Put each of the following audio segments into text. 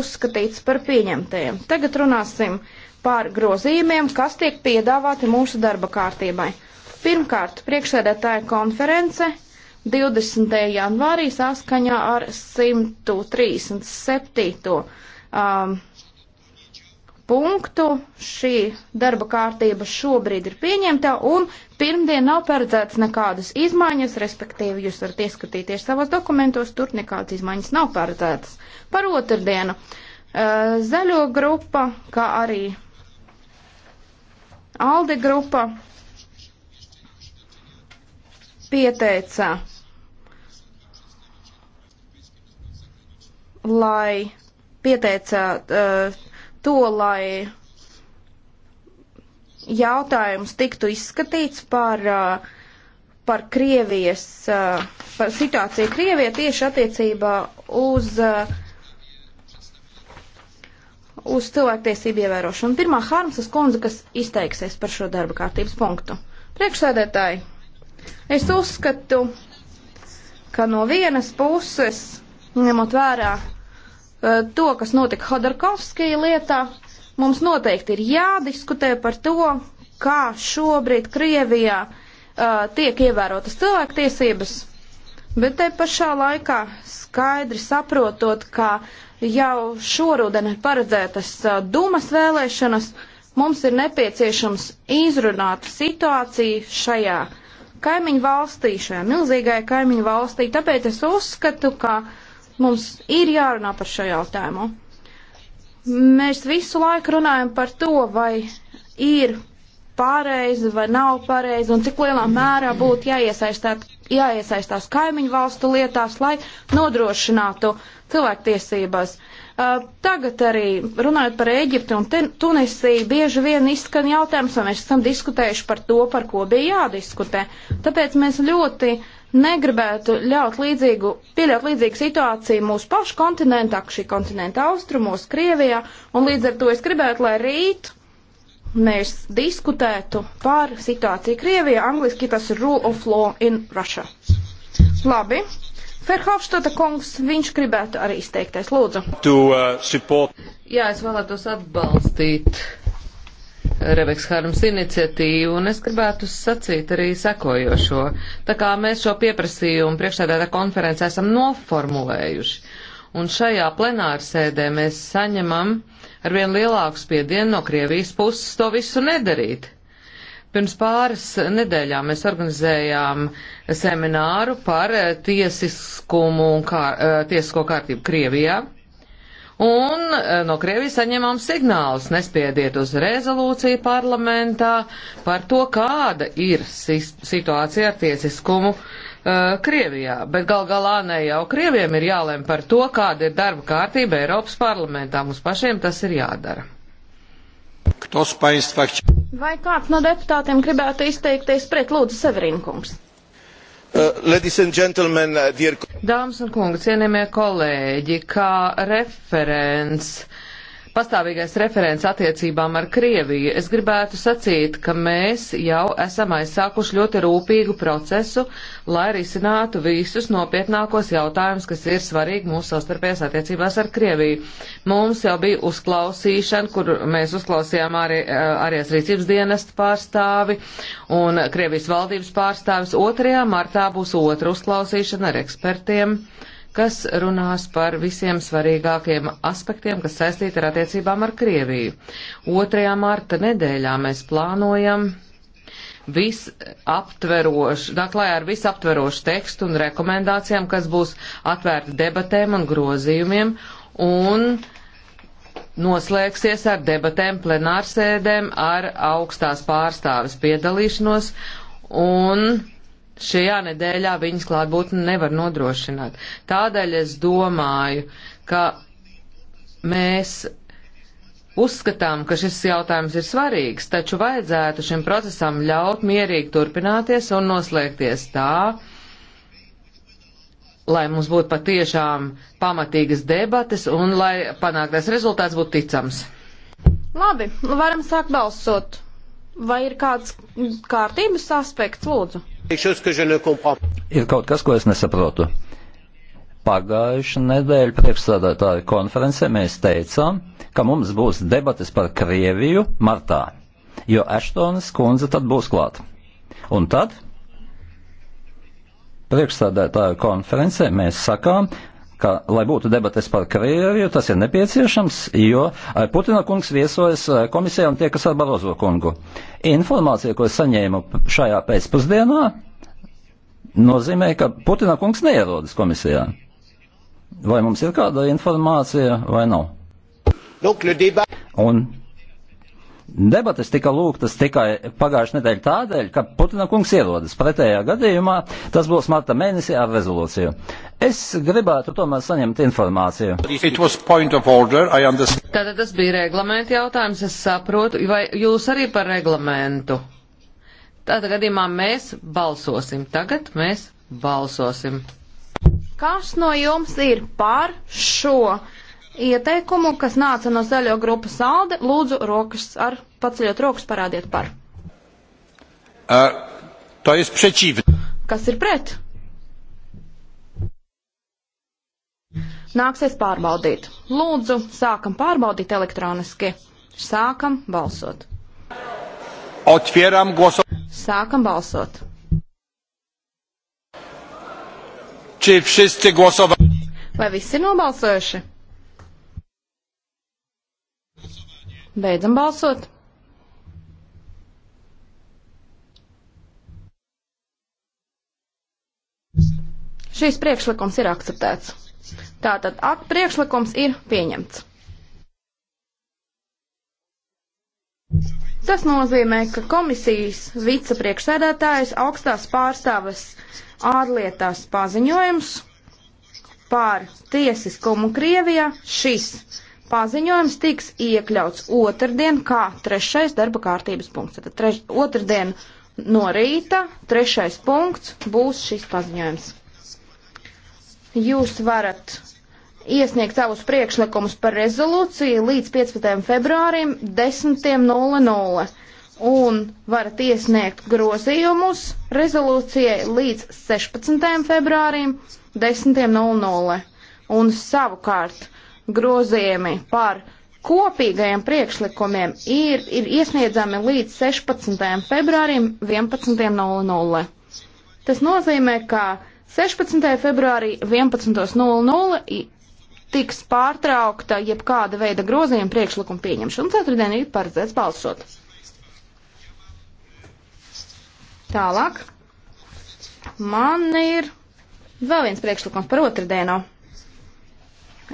uzskatīts par pieņemtajiem. Tagad runāsim par grozījumiem, kas tiek piedāvāti mūsu darba kārtībai. Pirmkārt, priekšsēdētāja konference 20. janvārī saskaņā ar 137. Um, punktu šī darba kārtība šobrīd ir pieņemta un pirmdien nav paredzēts nekādas izmaiņas, respektīvi jūs varat ieskatīties savos dokumentos, tur nekādas izmaiņas nav paredzētas. Par otrdienu eh, zaļo grupa, kā arī Alde grupa pieteica, lai pieteica uh, to, lai jautājums tiktu izskatīts par, uh, par Krievijas, uh, par situāciju Krievijā tieši attiecībā uz, uh, uz cilvēktiesību ievērošanu. Pirmā Harmsas kundze, kas izteiksies par šo darba kārtības punktu. Priekšsēdētāji, es uzskatu, ka no vienas puses, ņemot vērā Eh, to, kas notika Hodorkovskija lietā. Mums noteikti ir jādiskutē par to, kā šobrīd Krievijā uh, tiek ievērotas cilvēktiesības, bet te pašā laikā skaidri saprotot, ka jau šoruden ir paredzētas uh, Dumas vēlēšanas, mums ir nepieciešams izrunāt situāciju šajā kaimiņu valstī, šajā milzīgajā kaimiņu valstī, tāpēc es uzskatu, ka uh, Mums ir jārunā par šo jautājumu. Mēs visu laiku runājam par to, vai ir pareizi vai nav pareizi un cik lielā mērā būtu jāiesaistās kaimiņu valstu lietās, lai nodrošinātu cilvēktiesības. Uh, tagad arī runājot par Eģipti un Tunisiju, bieži vien izskan jautājums, vai mēs esam diskutējuši par to, par ko bija jādiskutē. Tāpēc mēs ļoti uh, negribētu ļaut līdzīgu, pieļaut līdzīgu situāciju mūsu pašu kontinentā, šī kontinenta austrumos, Krievijā, un līdz ar to es gribētu, lai rīt mēs diskutētu par situāciju Krievijā, angliski tas ir rule of law in Russia. Labi. Ferhofstata kungs, viņš gribētu arī izteikties, lūdzu. To, uh, support... Jā, es vēlētos atbalstīt Rebeks Harms iniciatīvu, un es gribētu sacīt arī sekojošo. Tā kā mēs šo pieprasījumu priekšstādātā konferencē esam noformulējuši, un šajā plenārsēdē mēs saņemam arvien lielāku spiedienu no Krievijas puses to visu nedarīt. Pirms pāris nedēļām mēs organizējām semināru par tiesiskumu un kā, eh, tiesisko kārtību Krievijā. Un eh, no Krievijas saņemam signālus, nespiediet uz rezolūciju parlamentā par to, kāda ir situācija ar tiesiskumu. Eh, Krievijā, bet gal galā ne jau Krieviem ir jālem par to, kāda ir darba kārtība Eiropas parlamentā. Mums pašiem tas ir jādara. Vai kāds no deputātiem gribētu izteikties pret Lūdzu Severinkungs? Uh, uh, Dāmas un kungi, cienījamie kolēģi, kā referents pastāvīgais referents attiecībām ar Krieviju, es gribētu sacīt, ka mēs jau esam aizsākuši ļoti rūpīgu procesu, lai risinātu visus nopietnākos jautājumus, kas ir svarīgi mūsu savstarpējās attiecībās ar Krieviju. Mums jau bija uzklausīšana, kur mēs uzklausījām arī ārējās eh, rīcības dienestu pārstāvi un Krievijas valdības pārstāvis. 2. martā būs otra uzklausīšana ar ekspertiem kas runās par visiem svarīgākiem aspektiem, kas saistīti ar attiecībām ar Krieviju. 2. marta nedēļā mēs plānojam visaptverošu, naklājā ar visaptverošu tekstu un rekomendācijām, kas būs atvērti debatēm un grozījumiem un noslēgsies ar debatēm plenārsēdēm ar augstās pārstāvis piedalīšanos un šajā nedēļā viņas klātbūtni nevar nodrošināt. Tādēļ es domāju, ka mēs uzskatām, ka šis jautājums ir svarīgs, taču vajadzētu šim procesam ļaut mierīgi turpināties un noslēgties tā, lai mums būtu patiešām pamatīgas debates un lai panāktais rezultāts būtu ticams. Labi, varam sākt balsot. Vai ir kāds kārtības aspekts, lūdzu? Ir kaut kas, ko es nesaprotu. Pagājušā nedēļa priekšsādātāju konferencē mēs teicām, ka mums būs debates par Krieviju martā, jo Eštonas kundze tad būs klāt. Un tad priekšsādātāju konferencē mēs sakām, ka, lai būtu debates par Krieviju, tas ir nepieciešams, jo eh, Putina kungs viesojas eh, komisijā un tiekas ar Barozo kungu. Informācija, ko es saņēmu šajā pēcpusdienā, nozīmē, ka Putina kungs neierodas komisijā. Vai mums ir kāda informācija vai nav? Un Debates tika lūgtas tikai pagājušajā nedēļā tādēļ, ka Putina kungs ierodas. Pretējā gadījumā tas būs marta mēnesī ar rezolūciju. Es gribētu tomēr saņemt informāciju. Order, Tātad tas bija reglamenta jautājums, es saprotu, vai jūs arī par reglamentu? Tātad gadījumā mēs balsosim. Tagad mēs balsosim. Kas no jums ir par šo? ieteikumu, kas nāca no zaļo grupas salde. Lūdzu, rokas ar paceļot rokas parādiet par. Uh, to es prečīvi. Kas ir pret? Nāksies pārbaudīt. Lūdzu, sākam pārbaudīt elektroniski. Sākam balsot. Otvieram goso. Sākam balsot. Vai visi ir nobalsojuši? Beidzam balsot. Šīs priekšlikums ir akceptēts. Tātad ak, priekšlikums ir pieņemts. Tas nozīmē, ka komisijas vicepriekšsēdētājs augstās pārstāves ārlietās paziņojums par tiesiskumu Krievijā šis paziņojums tiks iekļauts otrdien kā trešais darba kārtības punkts. Tad treš, otrdien no rīta trešais punkts būs šis paziņojums. Jūs varat iesniegt savus priekšlikumus par rezolūciju līdz 15. februārim 10.00 un varat iesniegt grozījumus rezolūcijai līdz 16. februārim 10.00 un savukārt grozījumi par kopīgajiem priekšlikumiem ir, ir iesniedzami līdz 16. februārim 11.00. Tas nozīmē, ka 16. februārī 11.00 tiks pārtraukta jebkāda veida grozījuma priekšlikuma pieņemšana. Ceturtdien ir paredzēts balsot. Tālāk. Man ir vēl viens priekšlikums par otrdienu.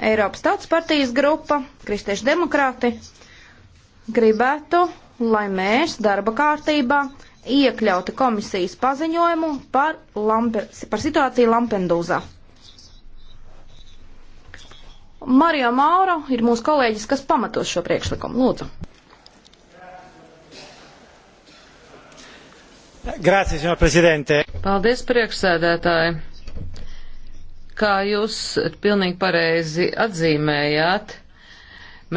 Eiropas Tautas partijas grupa, Kristiešu demokrāti, gribētu, lai mēs darba kārtībā iekļauti komisijas paziņojumu par, Lampe, par situāciju Lampendūzā. Mario Mauro ir mūsu kolēģis, kas pamatos šo priekšlikumu. Lūdzu. Grazie, signor Presidente. Paldies, priekšsēdētāji kā jūs pilnīgi pareizi atzīmējāt,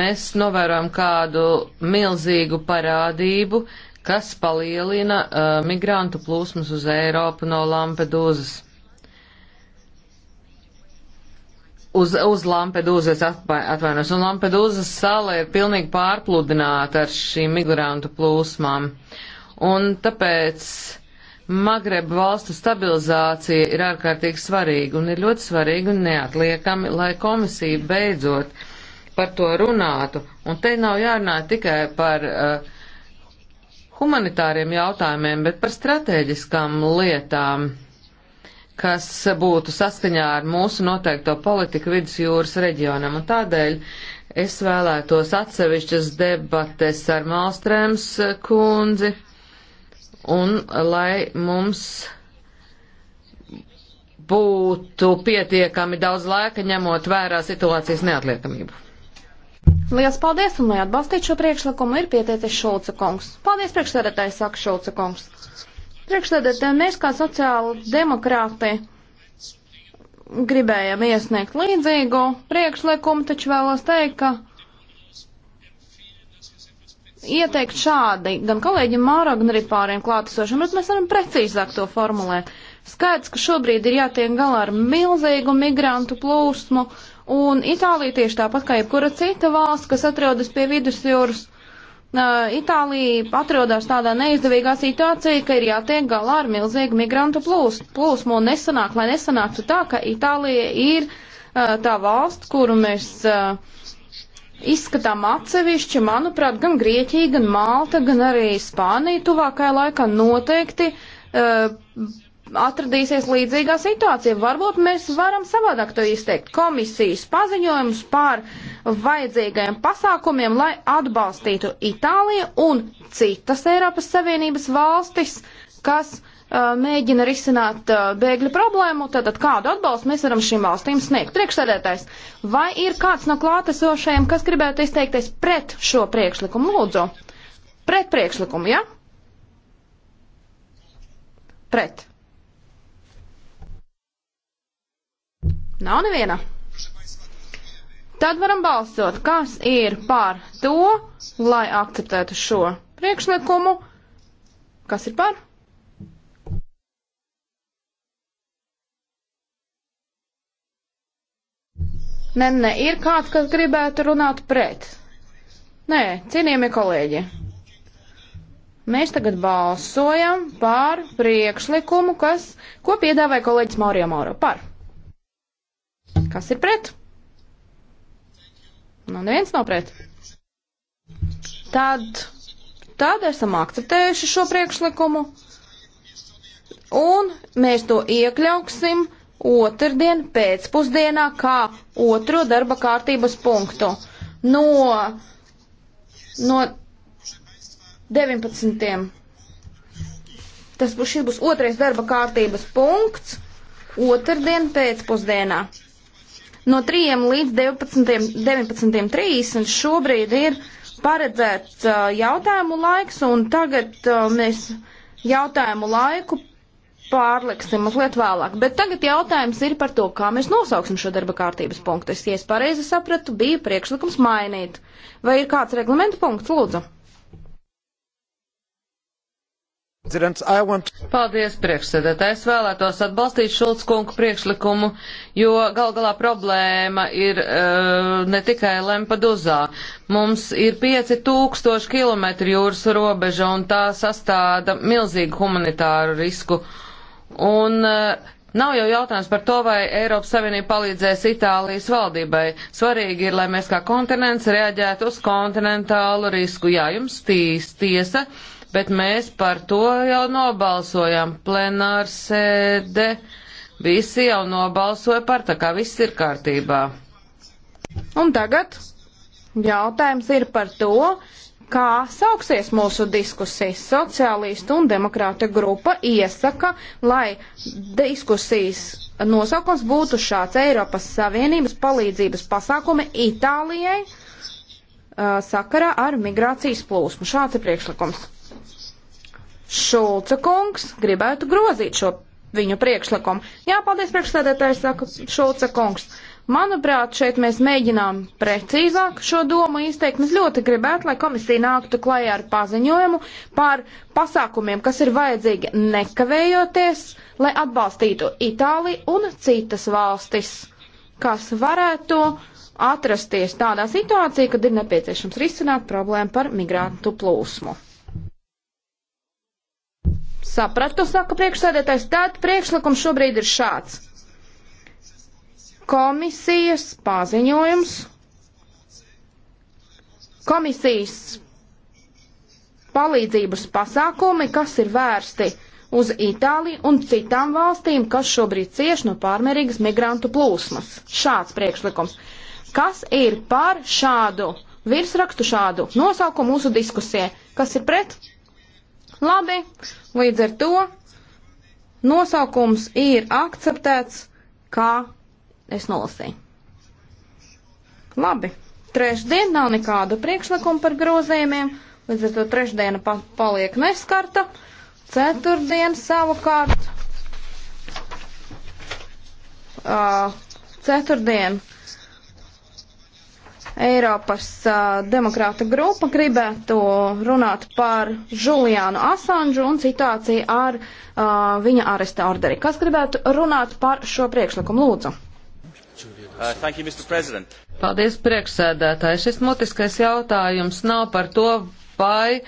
mēs novērojam kādu milzīgu parādību, kas palielina uh, migrantu plūsmas uz Eiropu no Lampedūzas. Uz, uz Lampedūzas atvainos, un Lampedūzas sala ir pilnīgi pārpludināta ar šīm migrantu plūsmām. Un tāpēc uh, Magreba valstu stabilizācija ir ārkārtīgi svarīga un ir ļoti svarīga un neatliekami, lai komisija beidzot par to runātu. Un te nav jārunā tikai par uh, humanitāriem jautājumiem, bet par strateģiskām lietām, kas būtu saskaņā ar mūsu noteikto politiku vidusjūras reģionam. Un tādēļ es vēlētos atsevišķas debates ar Malstrēms kundzi. Uh, un lai mums būtu pietiekami daudz laika ņemot vērā situācijas neatliekamību. Lielas paldies, un lai atbalstītu šo priekšlikumu, ir pieteicis Šulca kungs. Paldies, priekšsēdētājs, saka Šulca kungs. Priekšsēdētāji, mēs kā sociāli demokrāti gribējam iesniegt līdzīgu priekšlikumu, taču vēlos teikt, ka ieteikt šādi gan kolēģim Māro, gan arī pāriem klātesošiem, bet mēs varam precīzāk to formulēt. Skaidrs, ka šobrīd ir jātiek galā ar milzīgu migrantu plūsmu, un Itālija tieši tāpat kā jebkura cita valsts, kas atrodas pie vidusjūras, uh, Itālija atrodas tādā neizdevīgā situācijā, ka ir jātiek galā ar milzīgu migrantu plūsmu, un nesanāk, lai nesanāktu tā, ka Itālija ir uh, tā valsts, kuru mēs. Uh, izskatām atsevišķi, manuprāt, gan Grieķija, gan Malta, gan arī Spānija tuvākajā laikā noteikti uh, atradīsies līdzīgā situācija. Varbūt mēs varam savādāk to izteikt. Komisijas paziņojums par vajadzīgajiem pasākumiem, lai atbalstītu Itāliju un citas Eiropas Savienības valstis, kas uh, mēģina risināt bēgļu problēmu, tātad kādu atbalstu mēs varam šīm valstīm sniegt. Priekšsēdētājs, vai ir kāds no klātesošajiem, kas gribētu izteikties pret šo priekšlikumu? Lūdzu, pret priekšlikumu, ja? Pret. Nav neviena. Tad varam balsot, kas ir par to, lai akceptētu šo priekšlikumu. Kas ir par? Nē, nē, ir kāds, kas gribētu runāt pret. Nē, cienījamie kolēģi, mēs tagad balsojam par priekšlikumu, kas, ko piedāvāja kolēģis Maurija Mauro. Par. Kas ir pret? Nu, neviens nav pret. Tad, tad esam akceptējuši šo priekšlikumu, un mēs to iekļauksim otrdien pēcpusdienā kā otro darba kārtības punktu no, no 19. Tas būs, šis būs otrais darba kārtības punkts otrdien pēcpusdienā. No 3 līdz 19.30 šobrīd ir paredzēts uh, jautājumu laiks, un tagad uh, mēs jautājumu laiku pārliksim mazliet vēlāk. Bet tagad jautājums ir par to, kā mēs nosauksim šo darba kārtības punktu. Es, ja es pareizi sapratu, bija priekšlikums mainīt. Vai ir kāds reglamentu punkts, lūdzu? Paldies, priekšsēdētājs. Vēlētos atbalstīt Šulc kungu priekšlikumu, jo gal galā problēma ir uh, ne tikai Lempaduzā. Mums ir 5000 km jūras robeža un tā sastāda milzīgu humanitāru risku. Uh, Un e, nav jau jautājums par to, vai Eiropas Savienība palīdzēs Itālijas valdībai. Svarīgi ir, lai mēs kā kontinents reaģētu uz kontinentālu risku. Jā, jums tīs tiesa, bet mēs par to jau nobalsojam plenārsēde. Visi jau nobalsoja par, tā kā viss ir kārtībā. Un tagad jautājums ir par to, kā sauksies mūsu diskusijas. Sociālistu un demokrāta grupa iesaka, lai diskusijas nosaukums būtu šāds Eiropas Savienības palīdzības pasākumi Itālijai uh, sakarā ar migrācijas plūsmu. Šāds ir priekšlikums. Šulca kungs gribētu grozīt šo viņu priekšlikumu. Jā, paldies priekšsēdētājs, saka Šulca kungs. Uh, Manuprāt, šeit mēs mēģinām precīzāk šo domu izteikt. Mēs ļoti gribētu, lai komisija nāktu klajā ar paziņojumu par pasākumiem, kas ir vajadzīgi nekavējoties, lai atbalstītu Itāliju un citas valstis, kas varētu atrasties tādā situācijā, kad ir nepieciešams risināt problēmu par migrantu plūsmu. Sapratu, saka priekšsēdētājs, tad priekšlikums šobrīd ir šāds komisijas paziņojums, komisijas palīdzības pasākumi, kas ir vērsti uz Itāliju un citām valstīm, kas šobrīd cieš no pārmērīgas migrantu plūsmas. Šāds priekšlikums. Kas ir par šādu virsrakstu, šādu nosaukumu mūsu diskusijai? Kas ir pret? Labi, līdz ar to nosaukums ir akceptēts kā Es nolasīju. Labi. Trešdien nav nekādu priekšlikumu par grozējumiem, līdz ar to trešdiena pa paliek neskarta. Ceturtdien savukārt. Uh, ceturtdien Eiropas uh, demokrāta grupa gribētu runāt par Žuliānu Asanžu un situāciju ar uh, viņa aresta orderi. Kas gribētu runāt par šo priekšlikumu? Lūdzu! Uh, you, Paldies, priekšsēdētāji. Šis mutiskais jautājums nav par to, vai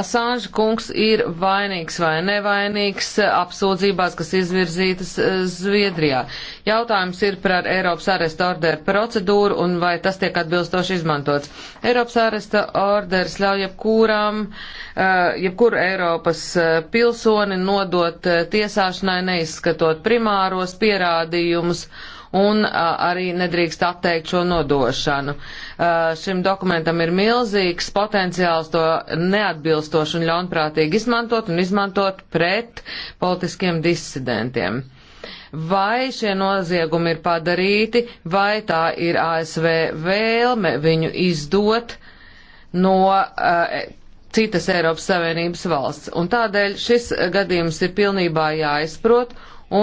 Asanža kungs ir vainīgs vai nevainīgs apsūdzībās, kas izvirzītas uh, Zviedrijā. Jautājums ir par Eiropas aresta orderu procedūru un vai tas tiek atbilstoši izmantots. Eiropas aresta orders ļauj jebkuram, uh, jebkuru Eiropas uh, pilsoni nodot tiesāšanai, neizskatot primāros pierādījumus un arī nedrīkst atteikt šo nodošanu. Šim dokumentam ir milzīgs potenciāls to neatbilstoši un ļaunprātīgi izmantot un izmantot pret politiskiem disidentiem. Vai šie noziegumi ir padarīti, vai tā ir ASV vēlme viņu izdot no uh, citas Eiropas Savienības valsts. Un tādēļ šis gadījums ir pilnībā jāizprot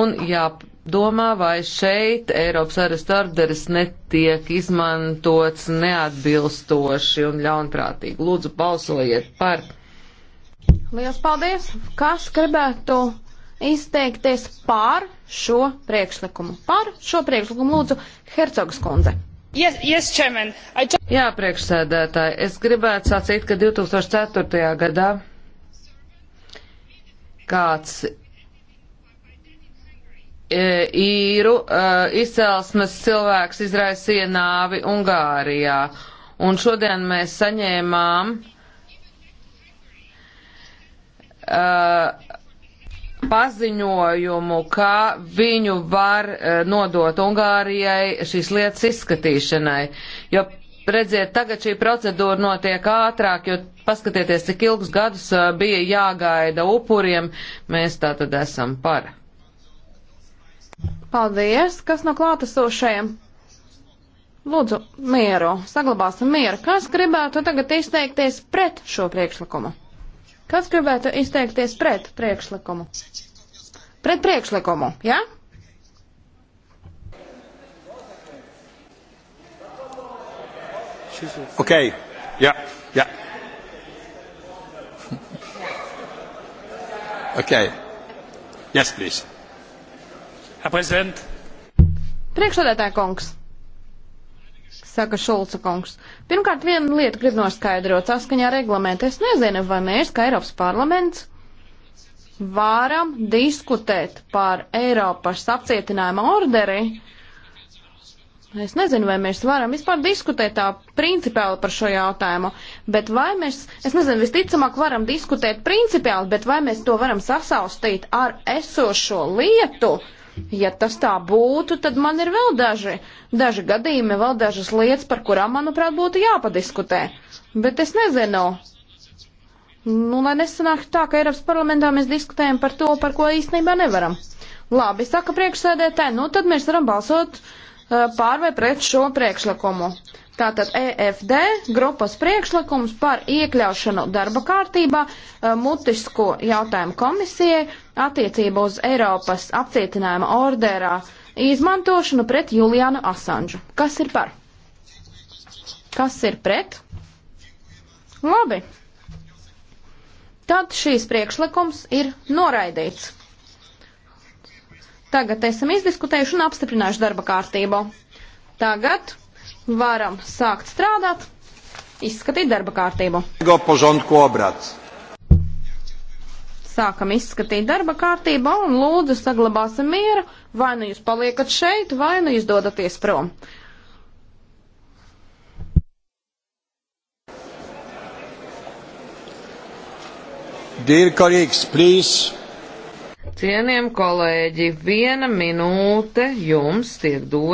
un jāpārāk jādomā, vai šeit Eiropas arestu orderis netiek izmantots neatbilstoši un ļaunprātīgi. Lūdzu, balsojiet par. Lielas paldies! Kas gribētu izteikties par šo priekšlikumu? Par šo priekšlikumu lūdzu Hercogas kundze. Yes, yes, chairman. I... Jā, priekšsēdētāji, es gribētu sacīt, ka 2004. gadā kāds E, īru e, izcelsmes cilvēks izraisīja nāvi Ungārijā. Un šodien mēs saņēmām e, paziņojumu, ka viņu var nodot Ungārijai šīs lietas izskatīšanai. Jo, redziet, tagad šī procedūra notiek ātrāk, jo paskatieties, cik ilgus gadus bija jāgaida upuriem. Mēs tā tad esam par. Paldies, kas no klātesošajiem? Lūdzu, mieru, saglabāsim mieru. Kas gribētu tagad izteikties pret šo priekšlikumu? Kas gribētu izteikties pret priekšlikumu? Pret priekšlikumu, jā? Ja? Okay. Yeah. Yeah. okay. Yes, please. Priekšsēdētāja kungs, saka Šulca kungs. Pirmkārt, viena lieta grib noskaidrot saskaņā reglamentu. Es nezinu, vai mēs, kā Eiropas parlaments, varam diskutēt par Eiropas apcietinājuma orderi. Es nezinu, vai mēs varam vispār diskutēt tā principiāli par šo jautājumu, bet vai mēs, es nezinu, visticamāk varam diskutēt principiāli, bet vai mēs to varam sasaustīt ar esošo lietu, uh, Ja tas tā būtu, tad man ir vēl daži, daži gadījumi, vēl dažas lietas, par kurām, manuprāt, būtu jāpadiskutē. Bet es nezinu. Nu, lai nesanāk tā, ka Eiropas parlamentā mēs diskutējam par to, par ko īstenībā nevaram. Labi, saka priekšsēdētāji, nu tad mēs varam balsot uh, pār vai pret šo priekšlikumu. Tātad EFD grupas priekšlikums par iekļaušanu darba kārtībā uh, mutisko jautājumu komisijai attiecībā uz Eiropas apcietinājuma orderā izmantošanu pret Julianu Asanžu. Kas ir par? Kas ir pret? Labi. Tad šīs priekšlikums ir noraidīts. Tagad esam izdiskutējuši un apstiprinājuši darba kārtību. Tagad varam sākt strādāt, izskatīt darba kārtību. Go, požond, ko, brats sākam izskatīt darba kārtību un lūdzu saglabāsim mieru, vai nu jūs paliekat šeit, vai nu jūs dodaties prom. Dear colleagues, please. Cieniem kolēģi, viena minūte jums tiek dota.